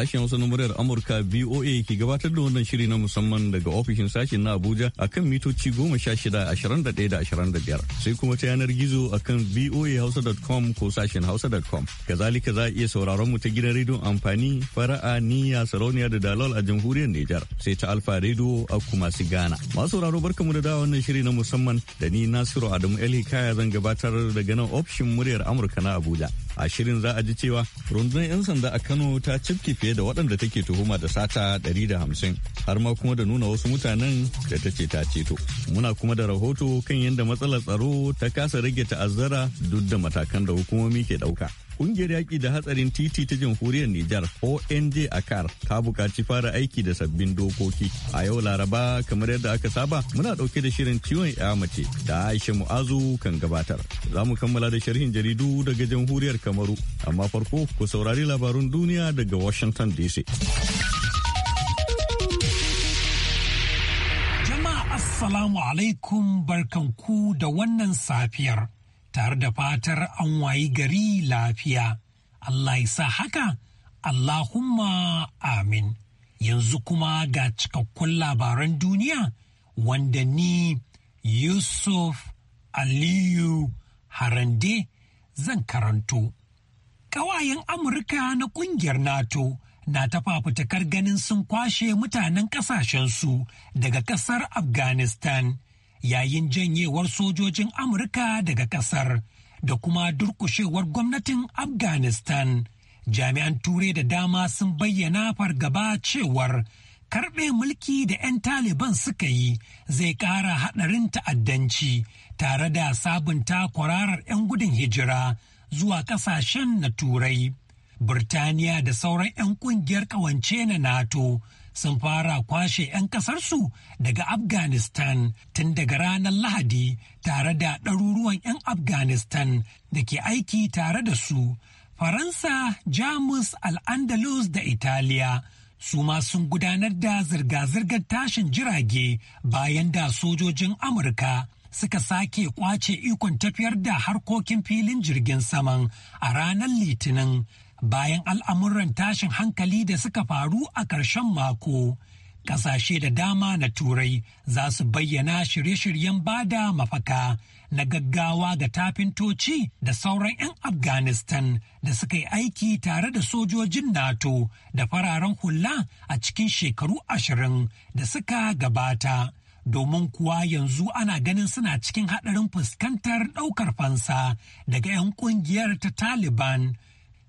Sashen Hausa na muryar Amurka VOA ke gabatar da wannan shiri na musamman daga ofishin sashen na Abuja akan mitoci goma sha shida ashirin da da ashirin da biyar sai kuma ta yanar gizo akan voahausa.com ko sashen Hausa hausa.com. Kazalika za a iya sauraron mu ta gidan rediyon amfani fara'a niyya sarauniya da dalol a jamhuriyar Nijar sai ta Alfa rediyo a kumasi su Ghana. Masu sauraro barka mu da dawa wannan shiri na musamman da ni Nasiru Adamu El kaya zan gabatar daga nan ofishin muryar Amurka na Abuja. A shirin za a ji cewa rundunar 'yan sanda a Kano ta cifke fiye fiye da waɗanda take tuhuma da sata 150 har ma kuma da nuna wasu mutanen da ta ce ta ceto. Muna kuma da rahoto kan yadda matsalar tsaro ta kasa rage ta'azzara duk da matakan da hukumomi ke ɗauka. Ƙungiyar yaƙi da hatsarin titi ta jamhuriyar Nijar ONJ Akar ta buƙaci fara aiki da sabbin dokoki. A yau Laraba kamar yadda aka saba muna ɗauke da shirin ciwon ya mace da Aisha Mu'azu kan gabatar. Za mu kammala da sharhin jaridu daga jamhuriyar Kamaru. Amma farko ku saurari labarun duniya daga Washington DC. Jama'a Assalamu alaikum barkanku da wannan safiyar. tare da fatar an wayi gari lafiya. Allah ya sa haka, Allahumma amin. Yanzu kuma ga cikakkun labaran duniya wanda ni Yusuf Aliyu Harande zan karanto. Kawayen Amurka na ƙungiyar NATO na ta fafutakar ganin sun kwashe mutanen ƙasashensu daga ƙasar Afghanistan. yayin janyewar sojojin Amurka daga ƙasar da kuma durƙushewar gwamnatin Afghanistan. Jami'an Turai da dama sun bayyana fargaba cewar karɓe mulki da 'yan Taliban suka yi zai ƙara haɗarin ta'addanci tare da sabunta kwararar 'yan gudun hijira zuwa ƙasashen na Turai. Birtaniya da sauran 'yan ƙungiyar ƙawance na NATO sun fara kwashe 'yan kasarsu daga afghanistan tun daga ranar lahadi tare da ɗaruruwan 'yan afghanistan da ke aiki tare da su faransa jamus al'andalus da italiya su ma sun gudanar da zirga-zirgar tashin jirage bayan da sojojin amurka suka sake kwace ikon tafiyar da harkokin filin jirgin saman a ranar litinin bayan al'amuran tashin hankali da suka faru a ƙarshen mako. Ƙasashe da dama na Turai za su bayyana shirye-shiryen bada mafaka na gaggawa ga tafintoci da sauran 'yan Afghanistan da suka yi aiki tare da sojojin NATO da fararen hula a cikin shekaru ashirin da suka gabata. domin kuwa yanzu ana ganin suna cikin haɗarin fuskantar ɗaukar fansa daga 'yan ƙungiyar ta Taliban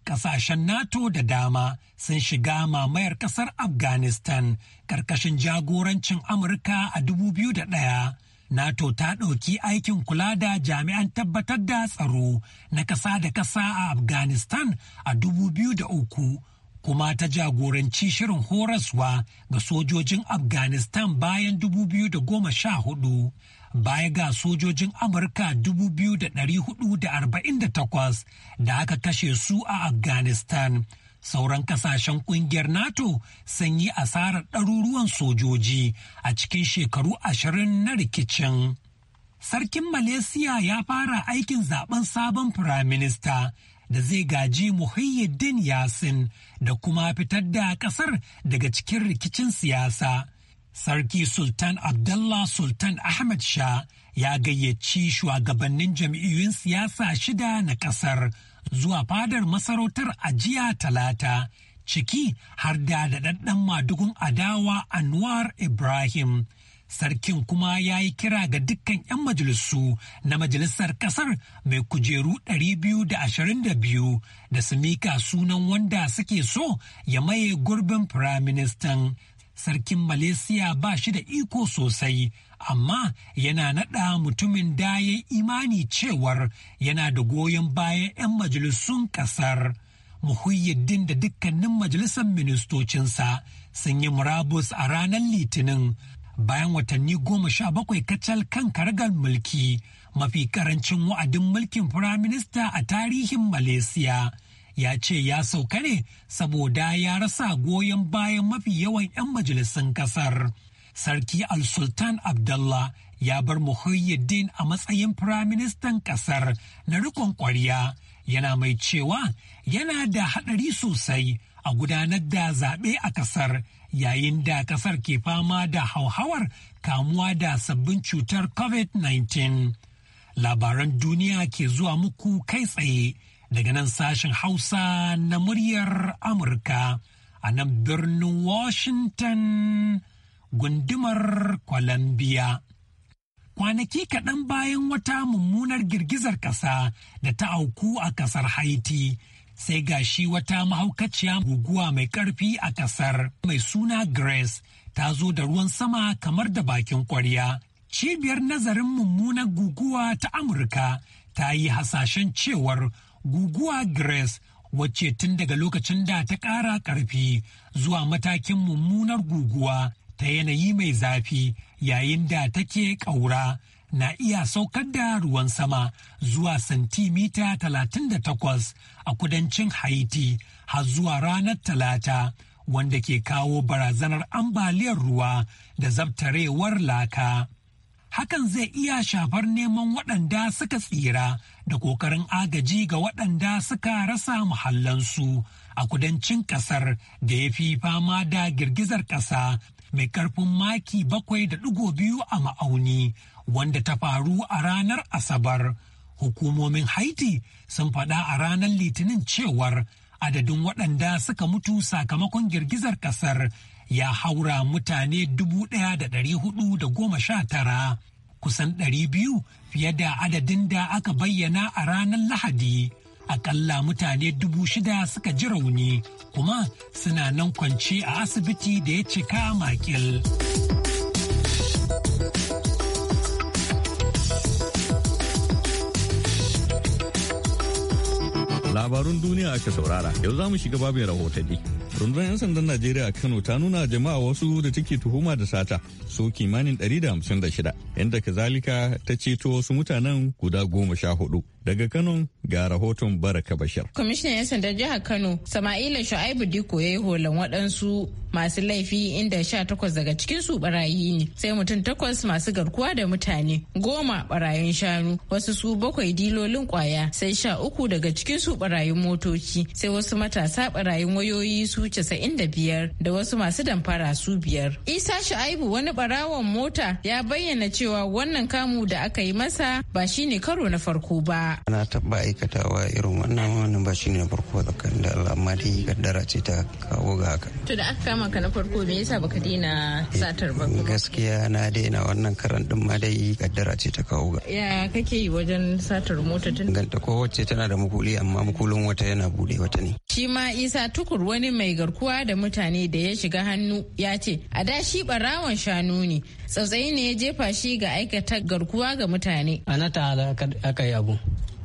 Ƙasashen NATO da dama sun shiga mamayar ƙasar Afghanistan ƙarƙashin jagorancin Amurka a 2001. NATO ta ɗauki aikin kula da jami'an tabbatar da tsaro na ƙasa da ƙasa a Afghanistan a 2003. kuma ta jagoranci shirin horaswa ga sojojin afghanistan bayan 2014 baya ga sojojin Amurka 2,448 da aka kashe su a Afghanistan. Sauran kasashen kungiyar NATO sun yi asarar ɗaruruwan sojoji a cikin shekaru ashirin na rikicin. Sarkin Malaysia ya fara aikin zaben sabon firaminista da zai gaji Muhyiddin Yasin da kuma fitar da ƙasar daga cikin rikicin siyasa. Sarki Sultan Abdullah Sultan Ahmad Shah ya gayyaci shugabannin jam'iyyun siyasa shida na ƙasar zuwa fadar masarautar ajiya talata ciki har da daɗaɗɗen madugun adawa Anwar Ibrahim. Sarkin kuma ya yi kira ga dukkan 'yan majalisu na majalisar ƙasar mai kujeru 222 da su mika sunan wanda suke so ya maye gurbin firaministan. sarkin Malaysia ba shi da iko sosai, amma yana naɗa mutumin da ya imani cewar yana da goyon bayan 'yan majalisun ƙasar. Muhyiddin da dukkanin majalisar ministocinsa sun yi murabus a ranar Litinin bayan watanni goma sha bakwai kacal kan kargar mulki mafi karancin wa'adin mulkin firaminista a tarihin Malaysia. ya ce ya sauka ne saboda ya rasa goyon bayan mafi yawan 'yan majalisun kasar. Sarki Al-Sultan Abdullah ya bar Muhyiddin a matsayin firaministan kasar na rikon kwarya yana mai cewa yana da haɗari sosai a gudanar da zaɓe a kasar yayin da kasar ke fama da hauhawar kamuwa da sabbin cutar COVID-19. Labaran duniya ke zuwa muku kai tsaye. daga nan sashen Hausa na muryar Amurka a nan birnin Washington gundumar Columbia. Kwanaki kaɗan bayan wata mummunar girgizar ƙasa da ta auku a ƙasar Haiti, sai ga shi wata mahaukaciya guguwa mai ƙarfi a ƙasar mai suna Grace ta zo da ruwan sama kamar da bakin ƙwarya. Cibiyar nazarin mummunar guguwa ta Amurka ta yi hasashen cewar guguwa grace wacce tun daga lokacin da ta ƙara ƙarfi zuwa matakin mummunar guguwa ta yanayi mai zafi yayin da take ƙaura na iya saukar da ruwan sama zuwa santimita 38 a kudancin haiti har zuwa ranar talata wanda ke kawo barazanar ambaliyar ruwa da zabtarewar laka. hakan zai iya shafar neman waɗanda suka tsira da ƙoƙarin agaji ga waɗanda suka rasa muhallansu a kudancin ƙasar da ya fi fama da girgizar ƙasa mai ƙarfin maki bakwai da ɗigo biyu a ma'auni wanda ta faru a ranar asabar hukumomin haiti sun faɗa a ranar litinin cewar adadin waɗanda suka mutu sakamakon girgizar ƙasar ya haura mutane dubu ɗaya da ɗari hudu da goma sha tara kusan ɗari biyu fiye da adadin da aka bayyana a ranar lahadi akalla mutane dubu shida suka ji rauni kuma suna nan kwance a asibiti da ya cika makil. labarun duniya aka saurara yau za mu shiga babin rahotanni rundunar 'yan sandan najeriya a kano ta nuna jama'a wasu da take tuhuma da sata su kimanin 156 inda kazalika ta ceto wasu mutanen guda goma sha hudu daga kano ga rahoton baraka bashir kwamishinan 'yan sandan jihar kano sama'ila shu'aibu diko ya yi holan waɗansu masu laifi inda sha takwas daga cikinsu barayi ne sai mutum takwas masu garkuwa da mutane goma barayin shanu wasu su bakwai dilolin kwaya sai sha uku daga cikinsu barayin motoci sai wasu matasa barayin wayoyi su 95 da wasu masu damfara su biyar. Isa Shu'aibu wani barawon mota ya bayyana cewa wannan kamu da aka yi masa ba shine karo na farko ba. Ana taɓa aikatawa irin wannan wannan ba shine na farko kan da Allah amma dai gaddara ce ta kawo ga haka. To da aka kama ka na farko me yasa baka daina satar ba? Gaskiya na daina wannan karan din ma dai gaddara ce ta kawo ga. Ya kake yi wajen satar mota tun? Ganta kowace tana da mukuli amma mukulin wata yana bude wata ne. Shi ma Isa Tukur wani mai garkuwa da mutane da ya shiga hannu ya ce a da shi barawan shanu ne tsautsayi ne ya jefa shi ga aikata garkuwa ga mutane a na aka yi abu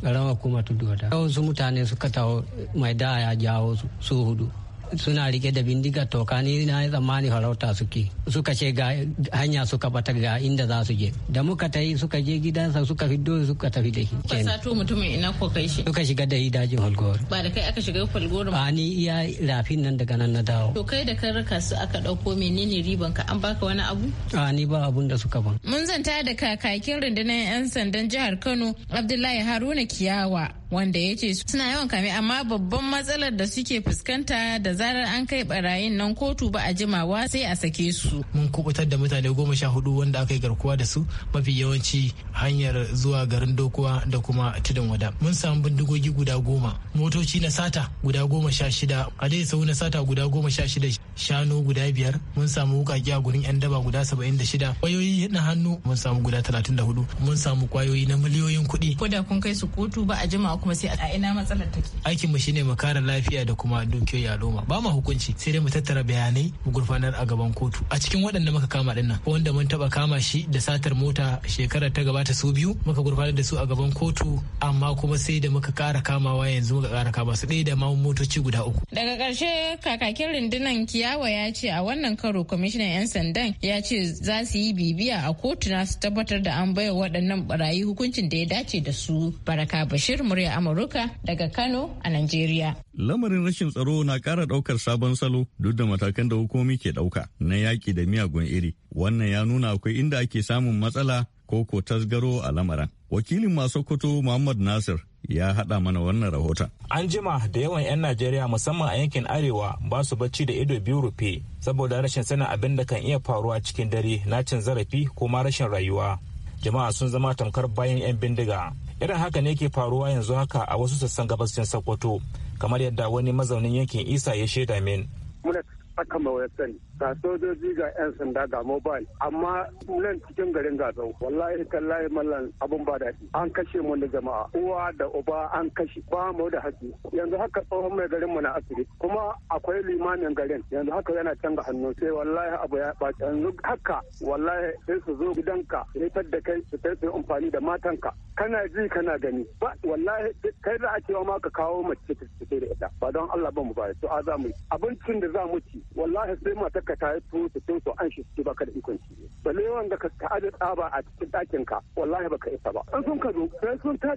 ƙaramar kuma tudu wata wasu mutane suka tawo mai da ya jawo su hudu suna rike da bindiga toka ni na yi tsammani farauta suke suka ce ga hanya suka bata ga inda za su je da muka ta yi suka je gidansa suka fiddo suka tafi da shi ba sato mutumin ina ko kai shi suka shiga da idajin dajin ba da kai aka shiga holgor ba ni iya rafin nan daga nan na dawo to kai da kan raka su aka dauko menene riban ka an baka wani abu a ni ba abun da suka ban mun zanta da kakakin rundunar yan sandan jihar Kano Abdullahi Haruna Kiyawa wanda ya ce suna yawan kame amma babban matsalar da suke fuskanta da zarar an kai barayin nan kotu ba a jimawa sai a sake su. Mun kubutar da mutane goma sha hudu wanda aka yi garkuwa da su mafi yawanci hanyar zuwa garin dokuwa da kuma tudun wada. Mun samu bindigogi guda goma, motoci na sata guda goma sha shida, a dai sau na sata guda goma sha shida shanu guda biyar, mun samu wukaki a gurin yan daba guda saba'in da shida, kwayoyi na hannu mun samu guda talatin da hudu, mun samu kwayoyi na miliyoyin kuɗi. Ko da kun kai su kotu ba a jima kuma sai a ina matsalar take aikin mu shine mu kare lafiya da kuma dukiyoyi al'umma ba mu hukunci sai dai mu tattara bayanai mu gurfanar a gaban kotu a cikin waɗanda muka kama din nan wanda mun taba kama shi da satar mota shekarar ta gabata su biyu muka gurfanar da su a gaban kotu amma kuma sai da muka kara kamawa yanzu muka kara kama su ɗaya da ma motoci guda uku daga ƙarshe kakakin rundunar kiyawa ya ce a wannan karo kwamishinan 'yan sandan ya ce za su yi bibiya a kotu na su tabbatar da an baiwa waɗannan barayi hukuncin da ya dace da su baraka bashir murya da Amurka daga Kano a Najeriya. Lamarin rashin tsaro na ƙara ɗaukar sabon salo duk da matakan da hukumi ke ɗauka na yaƙi da miyagun iri. Wannan ya nuna akwai inda ake samun matsala ko ko tasgaro a lamarin. Wakilin masu Sokoto Muhammad Nasir ya haɗa mana wannan rahoton. An jima da yawan 'yan Najeriya musamman a yankin Arewa ba su bacci da ido biyu rufe saboda rashin sanin abin da kan iya faruwa cikin dare na cin zarafi ko ma rashin rayuwa. Jama'a sun zama tamkar bayan 'yan bindiga. irin haka ne ke faruwa yanzu haka a wasu sassan gabashin sokoto kamar yadda wani mazaunin yankin isa ya shaida min muna sani ga sojoji ga 'yan sanda ga mobile amma nan cikin garin zau. wallahi kallahi mallan abun ba daɗi an kashe mu da jama'a uwa da uba an kashe ba mu da haƙƙi yanzu haka tsohon mai garin mu na asiri kuma akwai limamin garin yanzu haka yana canza hannu sai wallahi abu ya ba yanzu haka wallahi sai su zo gidanka ritar da kai su kai su amfani da matanka kana ji kana gani ba wallahi kai za a cewa ma ka kawo mace ta da ita ba don Allah ba mu ba to a za mu abincin da za mu ci wallahi sai mata ka ta to cikin ko an shi su baka da ikon shi balle yawan da ka ajiye tsaba a cikin ɗakin ka wallahi baka isa ba an sun ka zo sai sun ce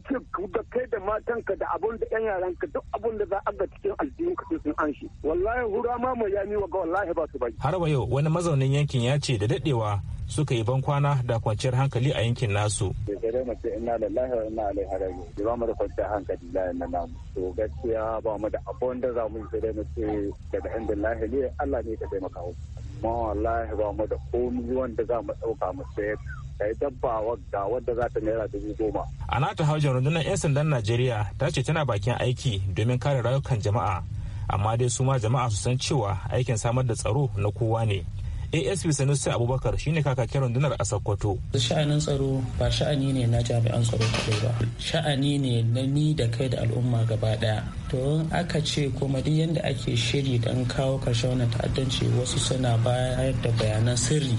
da kai da matanka da abun da yan yaran ka duk abun da za a ga cikin aljihun ka sun an shi wallahi hura ma mu ya wa ga wallahi ba su bai har wa yau wani mazaunin yankin ya ce da daɗewa suka yi ban kwana da kwanciyar hankali a yankin nasu. Dare mu ce ina lallahi wa ina harari Da Ba mu da kwanciyar hankali lahi na namu. To gaskiya ba mu da abun da za mu yi dare mu ce daga inda lahi ne Allah ne ka taimaka mu. kuma wallahi ba mu da komi wanda za mu ɗauka mu sayar ta dabba wadda wadda za ta naira dubu goma. a nata hajjar rundunar 'yan sandan najeriya ta ce tana bakin aiki domin kare rayukan jama'a amma dai su ma jama'a su san cewa aikin samar da tsaro na kowa ne asp sanusi abubakar shine kakakin rundunar a sokoto sha'anin tsaro ba sha'ani ne na jami'an tsaro kaɗai ba sha'ani ne na ni da kai da al'umma gaba ɗaya to in aka ce kuma duk yadda ake shiri don kawo karshe wannan ta'addanci wasu suna bayar da bayanan sirri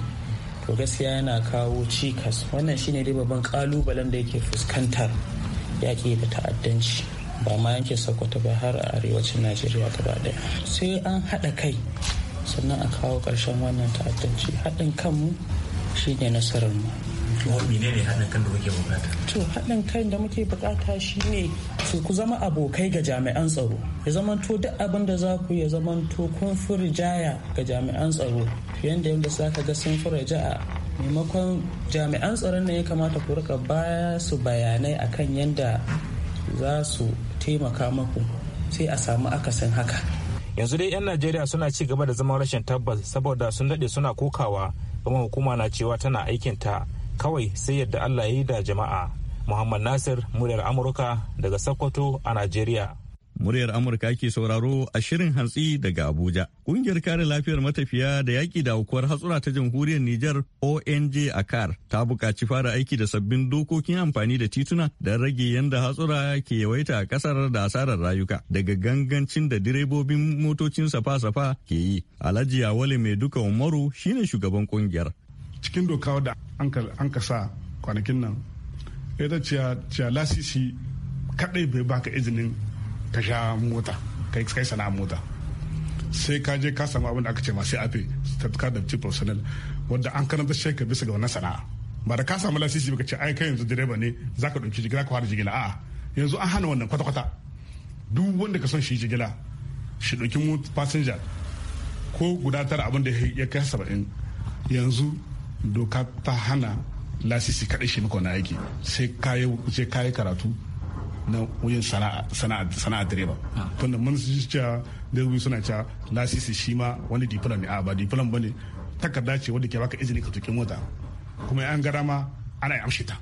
to gaskiya yana kawo cikas wannan shine dai babban kalubalen da yake fuskantar yaƙi da ta'addanci ba ma yanke sokoto ba har a arewacin najeriya gaba ɗaya sai an haɗa kai sannan a kawo ƙarshen wannan ta'addanci haɗin kanmu shine nasarar mu to haɗin kan da muke bukata to haɗin shine su ku zama abokai ga jami'an tsaro ya zamanto duk abin da za ku ya zamanto kun fi ga jami'an tsaro da yadda za ka ga sun fi rijaya maimakon jami'an tsaro ne ya kamata ku rika baya su bayanai akan yadda za su taimaka maku sai a samu akasin haka yanzu dai 'yan najeriya suna ci gaba da zama rashin tabbas saboda sun daɗe suna kokawa kuma hukuma na cewa tana aikinta kawai sai yadda allah ya yi da jama'a muhammad nasir muryar amurka daga sokoto a najeriya Muryar Amurka ke sauraro a shirin hantsi daga Abuja. Kungiyar kare lafiyar matafiya da yaƙi da aukuwar hatsura ta jamhuriyar Nijar ONJ Akar ta buƙaci fara aiki da sabbin dokokin amfani da tituna don rage yadda hatsura ke yawaita a ƙasar da asarar rayuka daga gangancin da direbobin motocin safa-safa ke yi. Alhaji Awale mai duka Umaru shine shugaban kungiyar. Cikin doka da an ka sa kwanakin nan, ita ciya lasisi kaɗai bai baka izinin ka sha mota kai kai sana'a mota sai ka je ka samu abin da aka ce masu afe certificate of chief personnel wanda an karanta shi ka bisa ga wannan sana'a ba da ka samu lasisi ba ka ce ai kai yanzu direba ne za ka ɗauki jigila ka fara jigila a'a yanzu an hana wannan kwata-kwata duk wanda ka son shi jigila shi ɗauki fasinja ko guda tara abin da ya kai saba'in yanzu doka ta hana lasisi kaɗai shi maka wani aiki sai kayi karatu na wajen sana'a direba ah. tunda mun su cewa direbobi suna cewa lasisi shi ma wani diplom ne a ah, ba diplom ba ne takarda ce wadda ke baka izini ka tuki mota kuma yan gara ma ana yi ta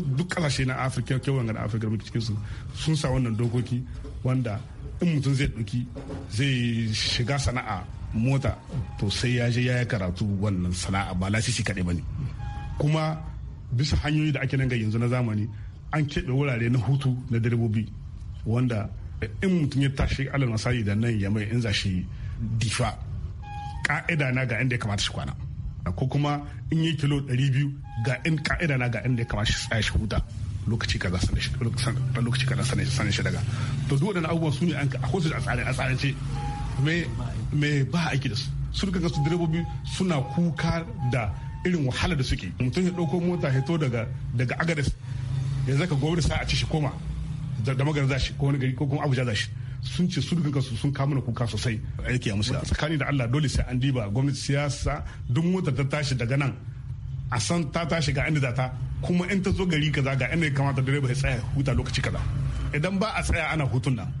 duk kasashe na afirka kewan na afirka muke cikin su sun sa wannan dokoki wanda in mutum zai ɗauki zai shiga sana'a mota to sai ya je ya yi karatu wannan sana'a ba lasisi kaɗai ba ne kuma bisa hanyoyi da ake nan ga yanzu na zamani an keɓe wurare na hutu na direbobi wanda eh, in mutum ya tashi alal misali da nan ya mai in za shi difa ka'ida na ga inda ya kamata shi kwana ko kuma in yi kilo 200 ga in ka'ida na ga inda ya kamata shi tsaya shi huta lokaci kaza sanin shi lokaci kaza sanin shi daga to duk waɗannan abubuwan sun yi an ka su a tsare a tsare ce me ba aiki da su sun ga su direbobi suna kuka da irin wahala da suke mutum ya ɗauko mota ya to daga daga agares yanzu ka gwamnati sa a ci shi koma da magana za ko wani gari ko kuma abuja za shi sun ce su kansu sun kamuna kuka sosai aiki a musu tsakani da allah dole sai an diba gwamnati siyasa duk mota ta tashi daga nan a san ta tashi ga inda ta kuma in ta zo gari kaza ga inda ya kamata direba ya tsaya huta lokaci kaza idan ba a tsaya ana hutun nan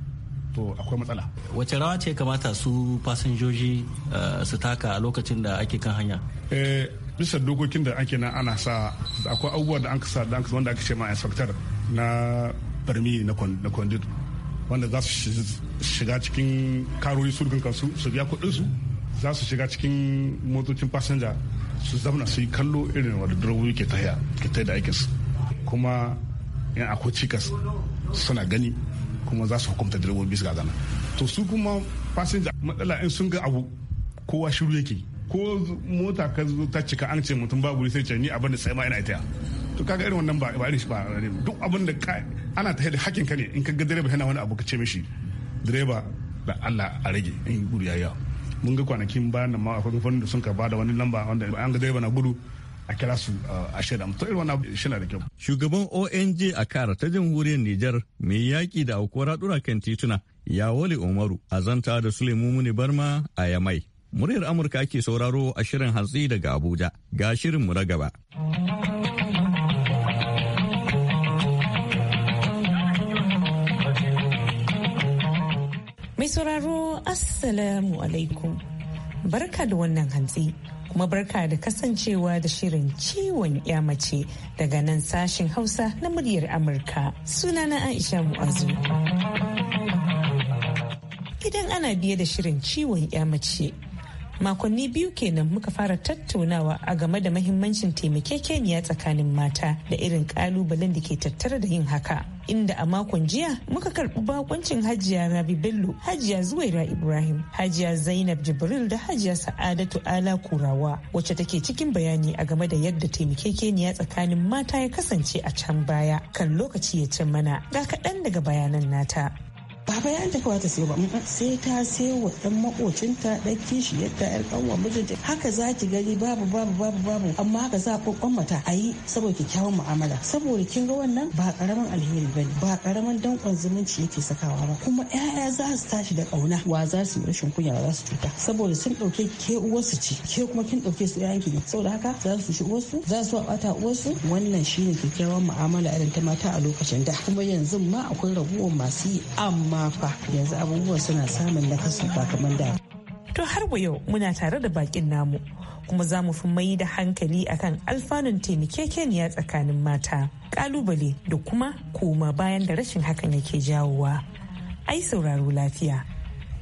to akwai matsala wace rawa ce kamata su fasinjoji eh, su taka a lokacin da ake kan hanya eh, bisa dokokin da ake nan ana sa akwai abubuwa da an sa da wanda aka ce ma inspector na barmi na kwandit wanda za su shiga cikin karori sulkin kansu su biya kuɗin su za su shiga cikin motocin fasinja su zamna su yi kallo irin wadda durobi ke ta ke ta da su kuma yan akwai cikas suna gani kuma za su hukumta direbobi ga gana to su kuma fasinja matsala in sun ga abu kowa shiru yake ko mota ka zo ta cika an ce mutum babu sai ce ni abin da sai ma ina ita to kaga irin wannan ba ba irin shi ba duk abin da ana ta da hakkin ka ne in ka ga direba yana wani abu ka ce mishi direba da Allah a rage in gudu yayi mun ga kwanakin bayan nan ma akwai fannin da sun ka bada wani lamba wanda an ga direba na gudu a kira su a shaida mutum irin wannan shi na da kyau. Shugaban ONG a kara ta jamhuriyar Nijar mai yaƙi da aukuwar haɗura kan tituna ya wale Umaru a zanta da Suleiman Muni Barma a Yamai. Muryar Amurka ke sauraro a shirin hatsi daga Abuja ga shirinmu na gaba. Mai sauraro Assalamu alaikum. Barka da wannan hantsi. kuma barka da kasancewa da shirin ciwon ya mace daga nan sashen hausa na muryar amurka suna na aisha mu'azu idan ana biye da shirin ciwon ya mace makonni biyu kenan muka fara tattaunawa a game da mahimmancin taimakekeniya tsakanin mata da irin kalubalen da ke tattara da yin haka inda a makon jiya muka karbi bakoncin hajiya rabi bello hajiya zuwaira ibrahim hajiya zainab jibril da hajiya sa'adatu ala kurawa wacce take cikin bayani a game da yadda taimakekeniya tsakanin mata ya kasance a can baya kan lokaci ya ce mana ga kaɗan daga bayanan nata ba fa an tafi ta sayo ba sai ta sayo wa dan makocinta dan kishi yadda yar kanwa mijinta haka za ki gani babu babu babu babu amma haka za ku kwammata a yi saboda kyakkyawan mu'amala saboda kin ga wannan ba karaman alheri bane ba karaman dankon zumunci yake sakawa ba kuma yaya za su tashi da kauna wa za su yi rashin kunya za su cuta saboda sun dauke ke uwarsu ci ke kuma kin dauke su ƴaƴanki ne saboda haka za su ci uwarsu za su bata uwarsu wannan shine kyakkyawan mu'amala irin ta mata a lokacin da kuma yanzu ma akwai raguwar masu yi amma fa yanzu abubuwa suna samun kasu ba kamar da to har wa yau muna tare da bakin namu kuma za mu fi mai da hankali akan alfanun taimakekeniya tsakanin mata kalubale da kuma koma bayan da rashin hakan yake jawowa ai sauraro lafiya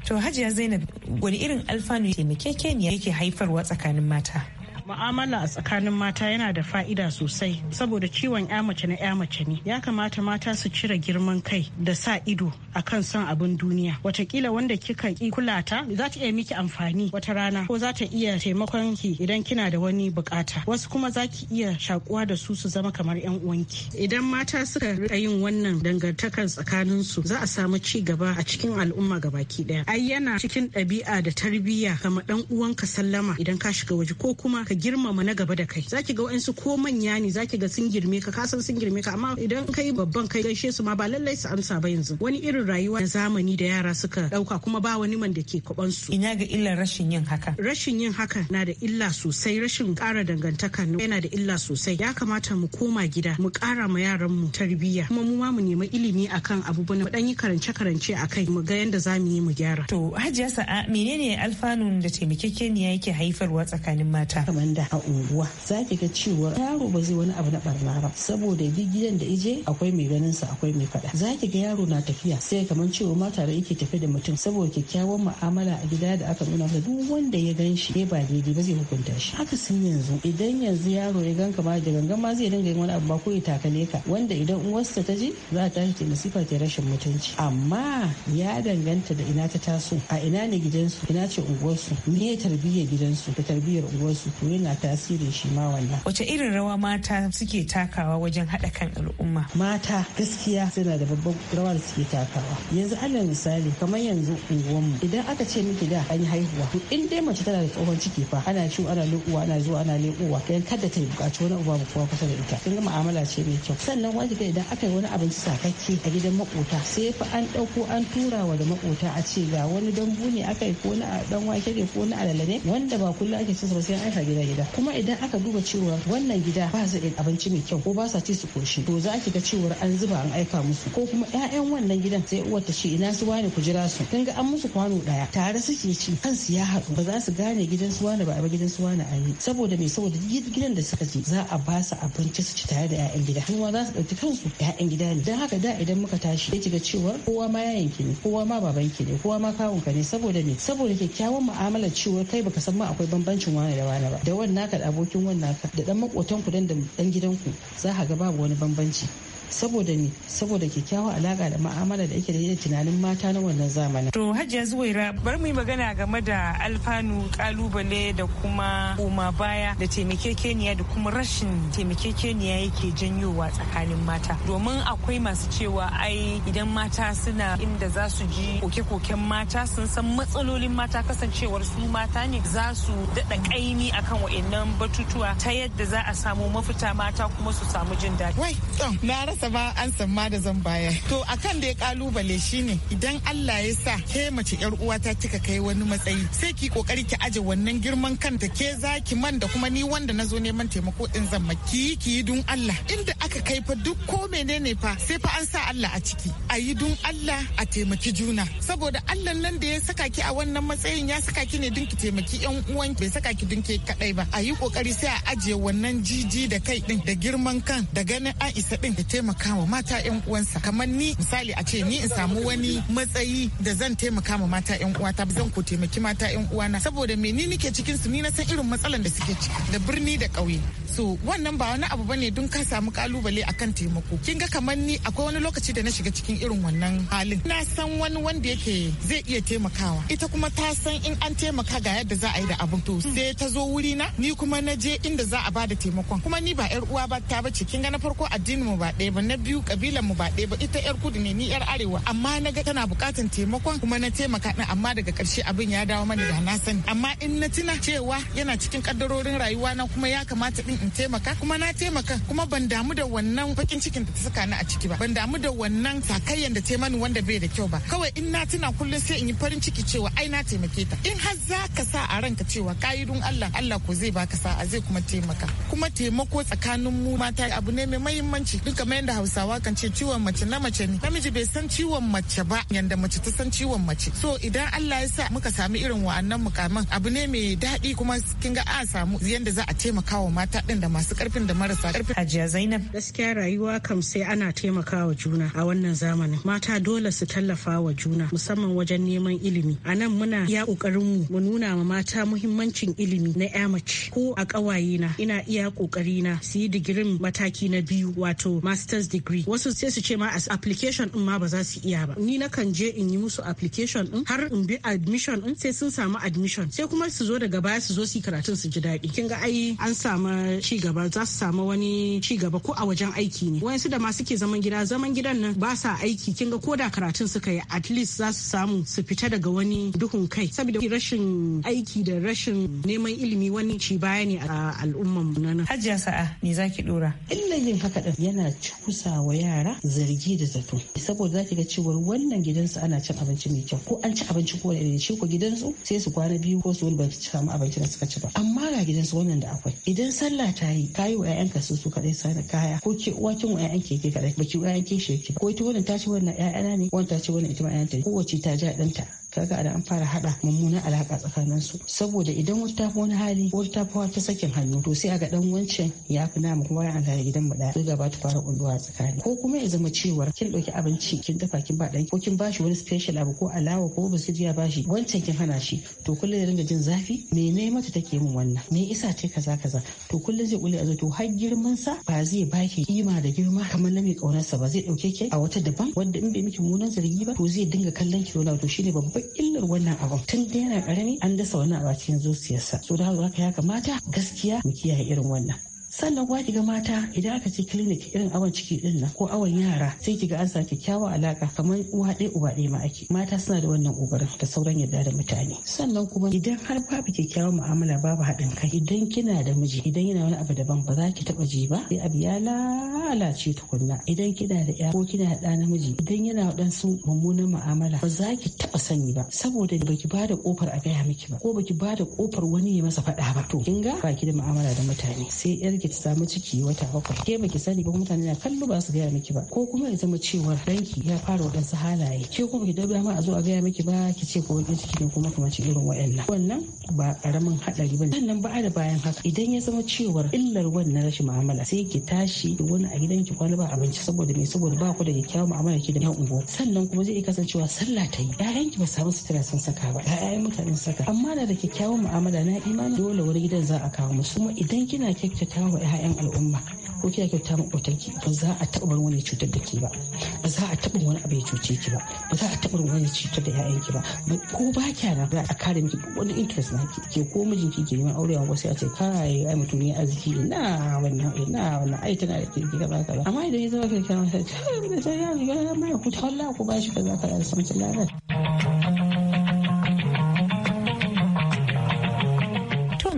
to hajiya zainab wani irin alfanu taimakekeniya yake haifarwa tsakanin mata Ma'amala a tsakanin mata yana da fa'ida sosai saboda ciwon ya mace na ya mace ne ya kamata mata su cire girman kai da sa ido a kan son abin duniya watakila wanda kika ki kula ta za ta iya miki amfani wata rana ko za ta iya taimakon ki idan kina da wani bukata wasu kuma za ki iya shakuwa da su su zama kamar yan uwanki idan mata suka rika yin wannan dangantakar tsakanin su za a samu ci gaba a cikin al'umma ga baki ɗaya. ai yana cikin ɗabi'a da tarbiyya kama dan uwanka sallama idan ka shiga waje ko kuma ka girmama na gaba da kai zaki ga wa'ansu ko manya ne zaki ga sun girme ka kasan sun girme ka amma idan kai babban kai gaishe su ma ba lallai su amsa ba yanzu wani irin rayuwa na zamani da yara suka dauka kuma ba wani man da ke kwaban su ina ga illar rashin yin haka rashin yin haka na da illa sosai rashin kara dangantaka yana da illa sosai ya kamata mu koma gida mu kara ma yaran mu tarbiyya kuma mu ma mu nemi ilimi akan abubuwan mu dan yi karance karance akai mu ga yanda zamu yi mu gyara to hajiya sa'a menene alfanun da taimakekeniya yake haifarwa tsakanin mata kwamanda a unguwa za ki ga cewa yaro ba zai wani abu na barna ba saboda duk gidan da ije akwai mai ganin sa akwai mai fada. za ki ga yaro na tafiya sai kamar cewa ma tare yake tafe da mutum saboda kyakkyawan mu'amala a gida da aka nuna duk wanda ya gan shi eh, ba daidai ba zai hukunta shi haka sun yanzu idan yanzu yaro ya gan ma da gangan ma zai dinga yin wani abu ba ko ya takale ka wanda idan uwarsa ta je za ta tashi ta masifa ta rashin mutunci amma ya danganta da ina ta taso a ina ne gidansu ina ce unguwarsu me ya tarbiyyar gidansu da tarbiyyar unguwarsu yana tasiri shi ma wannan wace irin rawa mata suke takawa wajen haɗa kan al'umma mata gaskiya suna da babban rawa da suke takawa yanzu ana misali kamar yanzu unguwanmu idan aka ce miki da an yi haihuwa to in dai mace tana da tsohon ciki fa ana ciwo ana lekuwa ana zuwa ana lekuwa kayan kada ta yi buƙaci wani uba kowa kusa da ita kin ga mu'amala ce mai kyau sannan wani ga idan aka yi wani abinci sakakke a gidan makota sai fa an ɗauko an tura wa da makota a ce ga wani dambu ne aka yi ko na dan wake ne ko na alala ne wanda ba kullum ake cin sa sai an haifa gidan gida kuma idan aka duba cewa wannan gida ba su da abinci mai kyau ko ba sa ci su koshi to za ki ga cewa an zuba an aika musu ko kuma ƴaƴan wannan gidan sai uwar ta ce ina su wani ku jira su kin ga an musu kwano daya tare suke ci kansu ya haɗu ba za su gane gidan su wani ba a gidan su wani a yi saboda me saboda gidan da suka je za a ba su abinci su ci tare da ƴaƴan gida kuma za su ɗauki kansu ƴaƴan gida ne don haka da idan muka tashi sai ga cewa kowa ma yayin ki ne kowa ma baban ki ne kowa ma kawun ka ne saboda me saboda kyakkyawan mu'amala cewa kai baka san ma akwai bambancin wani da wani ba da wannan naka da abokin wannan ka da dan makotan ku dan dan gidan ku za ka ga babu wani bambanci saboda ni saboda kyakkyawa alaka da ma'amala da ake da tunanin mata na wannan zamani. To Hajiya Zuwaira bar mu yi magana game da alfanu kalubale da kuma koma baya da taimakekeniya da kuma rashin taimakekeniya yake janyowa tsakanin mata. Domin akwai masu cewa ai idan mata suna inda za su ji koke-koken mata sun san matsalolin mata kasancewar su mata ne za su daɗa ƙaimi akan wa'annan batutuwa ta yadda za a samu mafita mata kuma su samu jin daɗi. rasa ba an san ma da zan baya to akan da ya kalubale shine idan Allah ya sa ke mace yar uwata kika kai wani matsayi sai ki kokari ki aje wannan girman kanta ke zaki man da kuma ni wanda nazo neman taimako din zan maki ki dun Allah inda aka kai fa duk ko menene fa sai fa an sa Allah a ciki a yi dun Allah a taimaki juna saboda Allah nan da ya saka ki a wannan matsayin ya saka ki ne dun ki taimaki yan uwan bai saka ki dun ke kadai ba a yi kokari sai a aje wannan jiji da kai din da girman kan da ganin an isa din da taimaka wa mata 'yan uwansa kamar ni misali a ce ni in samu wani matsayi da zan taimaka wa mata 'yan uwa ta zan ko taimaki mata 'yan uwana saboda me ni nike cikin su ni na san irin matsalan da suke ciki da birni da ƙauye so wannan ba wani abu bane don ka samu kalubale akan taimako kin ga kamar ni akwai wani lokaci da na shiga cikin irin wannan halin na san wani wanda yake zai iya taimakawa ita kuma ta san in an taimaka ga yadda za a yi da abu to sai ta zo wuri na ni kuma na je inda za a ba da taimakon kuma ni ba yar uwa ba ta bace kin ga na farko addinin mu ba ɗaya ba na biyu kabilan mu ba ɗaya ba ita yar kudu ne ni yar arewa amma na ga tana bukatan taimakon kuma na taimaka din amma daga ƙarshe abin ya dawo mani da na sani amma in na tuna cewa yana cikin kaddarorin rayuwa na kuma ya kamata ɗin in taimaka kuma na taimaka kuma ban damu da wannan bakin cikin da ta saka ni a ciki ba ban damu da wannan sakayyan da ta mani wanda bai da kyau ba kawai in na tuna kullum sai in yi farin ciki cewa ai na taimake ta in har za ka sa a ranka cewa ka'idun Allah Allah ko zai baka sa'a zai kuma taimaka kuma taimako tsakanin mu mata abu ne mai mahimmanci duk kamar yadda Hausawa kan ce ciwon mace na mace ne namiji bai san ciwon mace ba yanda mace ta san ciwon mace so idan Allah ya sa muka sami irin wa'annan mukaman abu ne mai daɗi kuma kin ga a samu yanda za a taimaka wa mata din masu karfin da marasa karfin hajiya zainab gaskiya rayuwa kam sai ana taimakawa juna a wannan zamanin mata dole su tallafa wa juna musamman wajen neman ilimi a nan muna iya kokarin mu mu nuna ma mata muhimmancin ilimi na ya mace ko a kawaye na ina iya kokari na su yi digirin mataki na biyu wato masters degree wasu sai su ce ma as application din ma ba za su iya ba ni na kan je in yi musu application din har in bi admission din sai sun samu admission sai kuma su zo daga baya su zo su karatun su ji daɗi kin ga ai an samu ci gaba za su samu wani ci gaba ko a wajen aiki ne wayansu da ma suke zaman gida zaman gidan nan ba sa aiki kin ga koda karatun suka yi at least za su samu su fita daga wani duhun kai saboda rashin aiki da rashin neman ilimi wani ci baya ne a al'umman mu nan hajiya sa'a me zaki dora illa yin haka din yana wa yara zargi da zato saboda zaki ga cewa wannan gidansu ana cin abinci mai kyau ko an ci abinci ko da shi ko gidansu sai su kwana biyu ko su wani ba su samu abinci da suka ci ba amma ga gidansu wannan da akwai idan sallah matsala ta yi ka yi wa 'ya'yanka su su kaɗai sana kaya ko ke uwa kin wa 'ya'yan ke kaɗai ba ki wa 'ya'yan ke shi ba ko ita wannan ta ci wannan 'ya'yana ne wannan ta ci wannan ita ma 'ya'yanta kowace ta a ɗanta kaga da an fara hada mummunan alaka tsakanin su saboda idan wata ta wani hali ko ta fawa ta sakin hannu to sai a ga dan wancan ya fi namu kuma an tare gidan mu daya ba ta fara kunduwa tsakani ko kuma ya zama cewar kin dauki abinci kin dafa kin ba dan ko kin bashi wani special abu ko alawa ko jiya bashi wancan kin hana shi to kullum ya dinga jin zafi me ne mata take min wannan me isa ce kaza kaza to kullum zai kula a to har girman sa ba zai baki kima da girma kamar na mai kaunarsa ba zai dauke ki a wata daban wanda in bai miki munan zargi ba to zai dinga kallon ki to shine babba akwai illar wannan abu tun da yana karami an dasa wannan a cikin zuciyarsa so da haka ya kamata gaskiya mu kiyaye irin wannan sannan kuma kiga mata idan aka ce clinic irin awon ciki din nan ko awon yara sai kiga an sa kyakkyawa alaka kamar uwa ɗaya uba ɗaya ma ake mata suna da wannan ubar da sauran yadda da mutane sannan kuma idan har babu kyakkyawan mu'amala babu haɗin kai idan kina da miji idan yana wani abu daban ba za ki taɓa ji ba sai abu ya lalace tukunna idan kina da ya ko kina da namiji idan yana waɗansu mummunan mu'amala ba za ki taɓa sani ba saboda baki ba da kofar a gaya miki ba ko baki ba da kofar wani ya masa faɗa ba to kin ga baki da mu'amala da mutane sai yar ki samu ciki wata bakwai ke baki sani ba mutane na kallo ba su gaya miki ba ko kuma ya zama cewa danki ya fara waɗansu halaye ke kuma ki dabba ma a zo a gaya miki ba ki ce ko wani ciki ne kuma kamar irin waɗannan wannan ba karamin haɗari ba sannan ba da bayan haka idan ya zama cewa illar wannan rashin mu'amala sai ki tashi wani a gidan ki kwana ba abinci saboda me saboda ba ku da kyakkyawar mu'amala ki da yan unguwa sannan kuma zai kasancewa sallah ta yi ƴaƴan ki ba samu sutura sun saka ba ƴaƴan mutanen saka amma da da kyakkyawar mu'amala na imani dole wani gidan za a kawo musu kuma idan kina kyakkyawar ma 'ya'yan al'umma ko kina kyauta ma ki ba za a taɓa wani cutar da ke ba ba za a taɓa wani abu ya cuce ki ba ba za a taɓa wani cutar da 'ya'yan ki ba ko ba kya na za a kare miki wani interest na ki ke ko mijinki ke neman aure wa sai a ce kai ai mutum ne arziki na wannan na wannan ai tana da kirki ka ba ba amma idan ya zama kirki na wata ta ya riga ya mai ku ta Allah ku ba shi ka za ka san ta lalata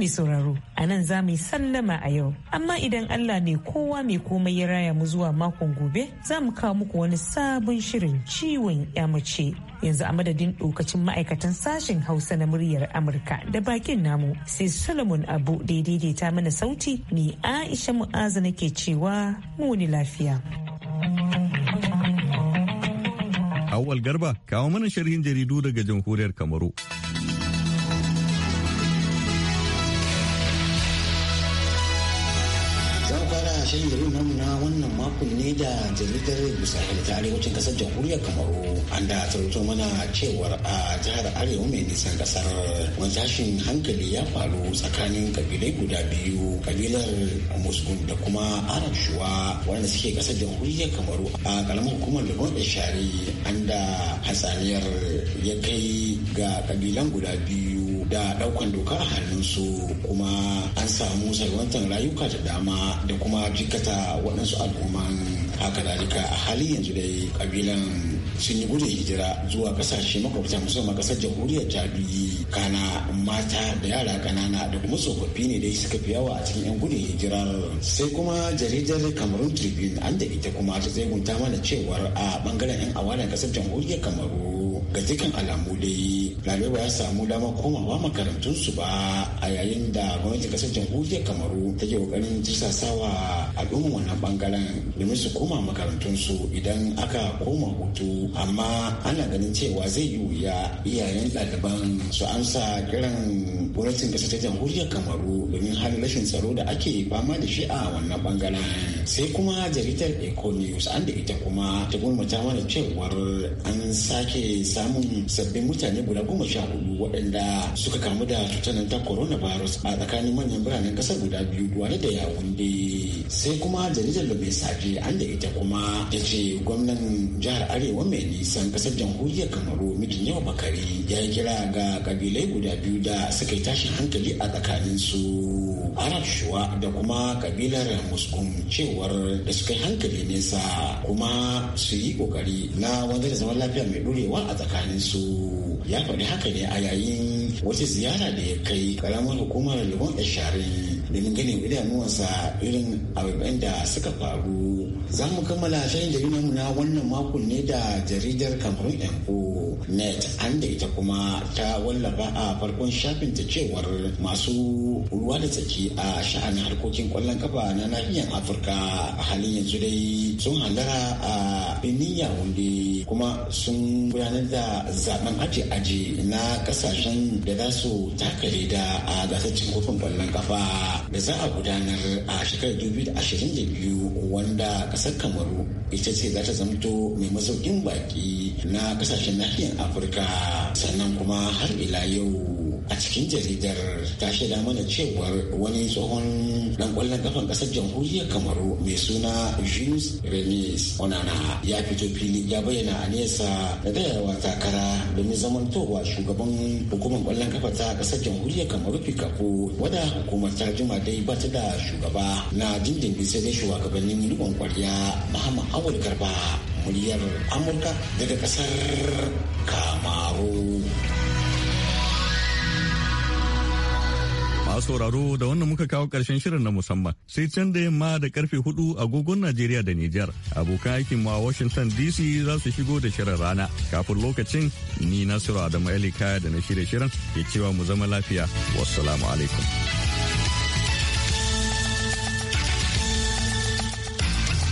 mai sauraro, a nan za mu yi sallama a yau. Amma idan Allah mai kowa mai komai ya raya mu zuwa makon gobe, za mu kawo muku wani sabon shirin ciwon ya mace. Yanzu a madadin ɗokacin ma'aikatan sashen Hausa na muryar Amurka da bakin namu sai Solomon Abu daidai ta mana sauti ni Aisha Mu'azu nake cewa mu ne lafiya. Awwal Garba kawo mana sharhin jaridu daga jamhuriyar Kamaru. shirin namu na wannan makon ne da jaridar Busahil ta arewacin kasar jamhuriyar Kamaru an da tarwato mana cewar a jihar Arewa mai nisan kasar wani tashin hankali ya faru tsakanin kabilai guda biyu kabilar Musgun da kuma Arab Shuwa wanda suke kasar jamhuriyar Kamaru a karamar hukumar Lagos da Shari an da hatsaniyar ya kai ga kabilan guda biyu da daukan doka a hannunsu kuma an samu salwantar rayuka da dama da kuma jikata waɗansu al'umman haka dalika a halin yanzu dai kabilan sun yi gudun hijira zuwa kasashe makwabta musamman kasar jamhuriyar jabi kana mata da yara ƙanana da kuma tsofaffi ne dai suka fi yawa a cikin yan gudun hijirar sai kuma jaridar kamarun tribune an da ita kuma ta tsegunta mana cewar a bangaren yan awalan ƙasar jamhuriyar kamaru ga dukkan alamu dai lalo ba ya samu damar komawa makarantunsu ba a yayin da gwamnatin kasar jamhuriyar kamaru ta take kokarin a al'umma wannan bangaren domin su koma makarantunsu idan aka koma hutu amma ana ganin cewa zai yi wuya iyayen ɗaliban su amsa kiran gwamnatin da ta jamhuriyar kamaru domin halin rashin tsaro da ake fama da shi a wannan bangaren sai kuma jaridar eco news an da ita kuma ta gurmata mana cewar an sake samun sabbin mutane guda goma sha hudu waɗanda suka kamu da cutar ta coronavirus a tsakanin manyan biranen ƙasar guda biyu duwane da yawunde sai kuma jaridar lobe sage an da ita kuma ta ce gwamnan jihar arewa mai nisan ƙasar jamhuriyar kamaru mijin yau bakari ya kira ga kabilai guda biyu da suka yi tashin hankali a tsakanin su arab shuwa da kuma kabilar muskum cewar da suka hankali nesa kuma su yi kokari na wanda da zaman lafiya mai ɗorewa a tsakanin su ya faɗi haka ne a yayin wata ziyara da ya kai karamar hukumar limon Esharin. domin ganin idanuwansa irin abubuwan da suka faru za mu kammala shayin jaridar mu na wannan makon ne da jaridar kamfanin yanko net an da ita kuma ta wallafa a farkon shafin ta cewar masu ruwa da tsaki a sha'anin harkokin kwallon kafa na nahiyar afirka a halin yanzu dai sun hallara a birnin wunde kuma sun gudanar da zaben aji-aji na kasashen da za su taka da a gasar cin kofin kwallon kafa da za a gudanar a shekarar 2022 wanda kasar kamaru ita ce za ta zamto mai masaukin baki na kasashen nahiyar afirka sannan kuma har ila yau a cikin jaridar ta shaida mana cewar wani tsohon dan kwallon kafan kasar jamhuriyar kamaru mai suna jules remis onana ya fito fili ya bayyana a nesa da dayawa takara domin zamantowa shugaban hukumar kwallon kafa ta kasar jamhuriyar kamaru fikafo wadda hukumar ta juma dai ba ta da shugaba na dindindin sai dai shugabannin rikon kwarya muhammad awul karba muryar amurka daga kasar kamaru a sauraro da wannan muka kawo karshen shirin na musamman sai can da yamma da karfe hudu agogon Najeriya da Nijar. Abokan aikin mu a Washington DC za su shigo da shirin rana. Kafin lokacin ni Nasiru Adamu Ali da na shirye shirin ke cewa mu zama lafiya. Wassalamu alaikum.